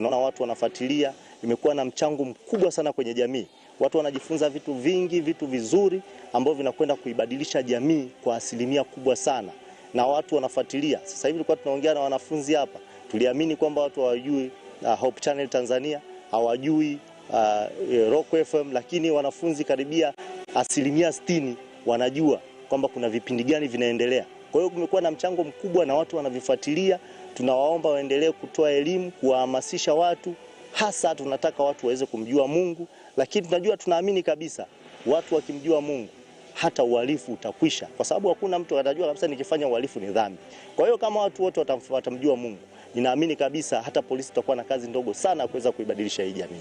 Naona watu wanafuatilia, imekuwa na mchango mkubwa sana kwenye jamii. Watu wanajifunza vitu vingi, vitu vizuri ambavyo vinakwenda kuibadilisha jamii kwa asilimia kubwa sana, na watu wanafuatilia. Sasa hivi tulikuwa tunaongea na wanafunzi hapa, tuliamini kwamba watu hawajui uh, Hope Channel Tanzania hawajui uh, eh, Rock FM, lakini wanafunzi karibia asilimia sitini wanajua kwamba kuna vipindi gani vinaendelea. Kwa hiyo kumekuwa na mchango mkubwa na watu wanavifuatilia. Tunawaomba waendelee kutoa elimu, kuwahamasisha watu, hasa tunataka watu waweze kumjua Mungu, lakini tunajua, tunaamini kabisa watu wakimjua Mungu hata uhalifu utakwisha, kwa sababu hakuna mtu atajua kabisa nikifanya uhalifu ni dhambi. Kwa hiyo kama watu wote watamjua Mungu, ninaamini kabisa hata polisi itakuwa na kazi ndogo sana kuweza kuibadilisha hii jamii.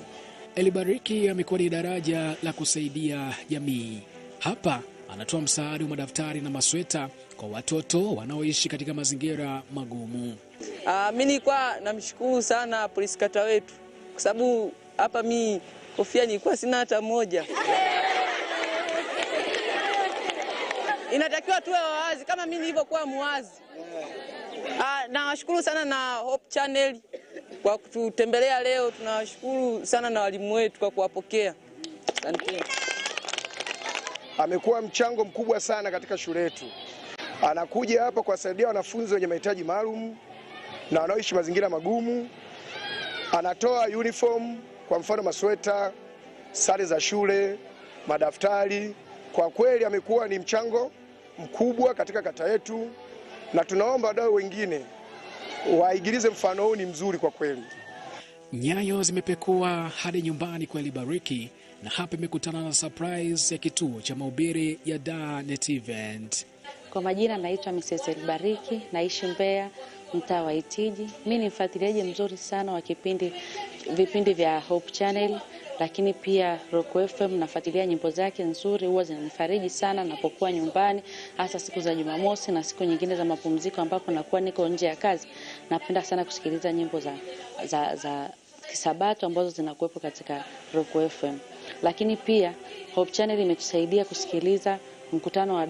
Elibariki amekuwa ni daraja la kusaidia jamii. Hapa anatoa msaada wa madaftari na masweta kwa watoto wanaoishi katika mazingira magumu. Ah, mimi nilikuwa namshukuru sana polisi kata wetu kwa sababu hapa mi kofia nilikuwa sina hata moja. Inatakiwa tuwe wawazi kama mimi nilivyokuwa muwazi. Ah, nawashukuru sana na Hope Channel kwa kututembelea leo. Tunawashukuru sana na walimu wetu kwa kuwapokea. Asante. Amekuwa mchango mkubwa sana katika shule yetu. Anakuja hapa kuwasaidia wanafunzi wenye mahitaji maalum na wanaoishi mazingira magumu. Anatoa uniform, kwa mfano masweta, sare za shule, madaftari. Kwa kweli amekuwa ni mchango mkubwa katika kata yetu, na tunaomba wadau wengine waigilize mfano huu, ni mzuri kwa kweli. Nyayo zimepekua hadi nyumbani kweli bariki, na hapa imekutana na surprise ya kituo cha mahubiri ya Dar Net Event. Kwa majina naitwa Mrs. Elbariki, naishi Mbeya, mtaa wa Itiji. Mimi ni mfuatiliaji mzuri sana wa kipindi vipindi vya Hope Channel, lakini pia Rock FM nafuatilia nyimbo zake nzuri, huwa zinanifariji sana napokuwa nyumbani, hasa siku za Jumamosi na siku nyingine za mapumziko ambapo nakuwa niko nje ya kazi. Napenda sana kusikiliza nyimbo za, za, za kisabato ambazo zinakuwepo katika Rock FM, lakini pia Hope Channel imetusaidia kusikiliza mkutano wa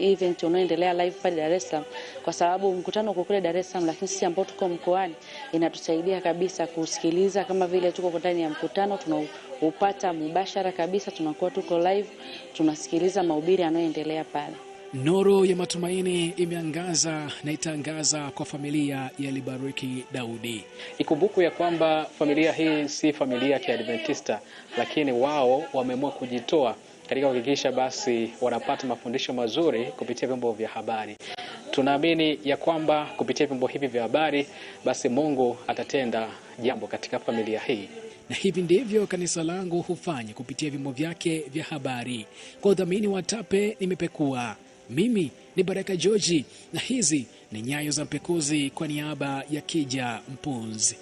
event unaoendelea live pale Dar es Salaam, kwa sababu mkutano uko kule Dar es Salaam, lakini sisi ambao tuko mkoani inatusaidia kabisa kusikiliza, kama vile tuko ndani ya mkutano tunaupata mubashara kabisa, tunakuwa tuko live tunasikiliza mahubiri yanayoendelea pale. Nuru ya matumaini imeangaza na itaangaza kwa familia ya Libariki Daudi. Ikumbuku ya kwamba familia hii si familia ya Kiadventista, lakini wao wameamua kujitoa katika kuhakikisha basi wanapata mafundisho mazuri kupitia vyombo vya habari. Tunaamini ya kwamba kupitia vyombo hivi vya habari basi Mungu atatenda jambo katika familia hii na hivi ndivyo kanisa langu hufanya kupitia vyombo vyake vya habari. Kwa udhamini wa Tape nimepekua. Mimi ni Baraka Joji na hizi ni Nyayo za Mpekuzi kwa niaba ya Kija Mpunzi.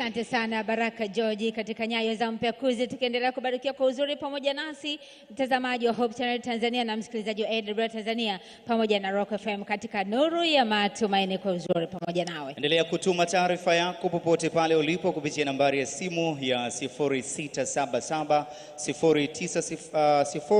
Asante sana Baraka George katika nyayo za mpekuzi, tukiendelea kubarikiwa kwa uzuri pamoja nasi mtazamaji wa Hope Channel Tanzania na msikilizaji wa AWR Tanzania pamoja na Rock FM katika nuru ya matumaini, kwa uzuri pamoja nawe. Endelea kutuma taarifa yako popote pale ulipo kupitia nambari ya simu ya 0677 09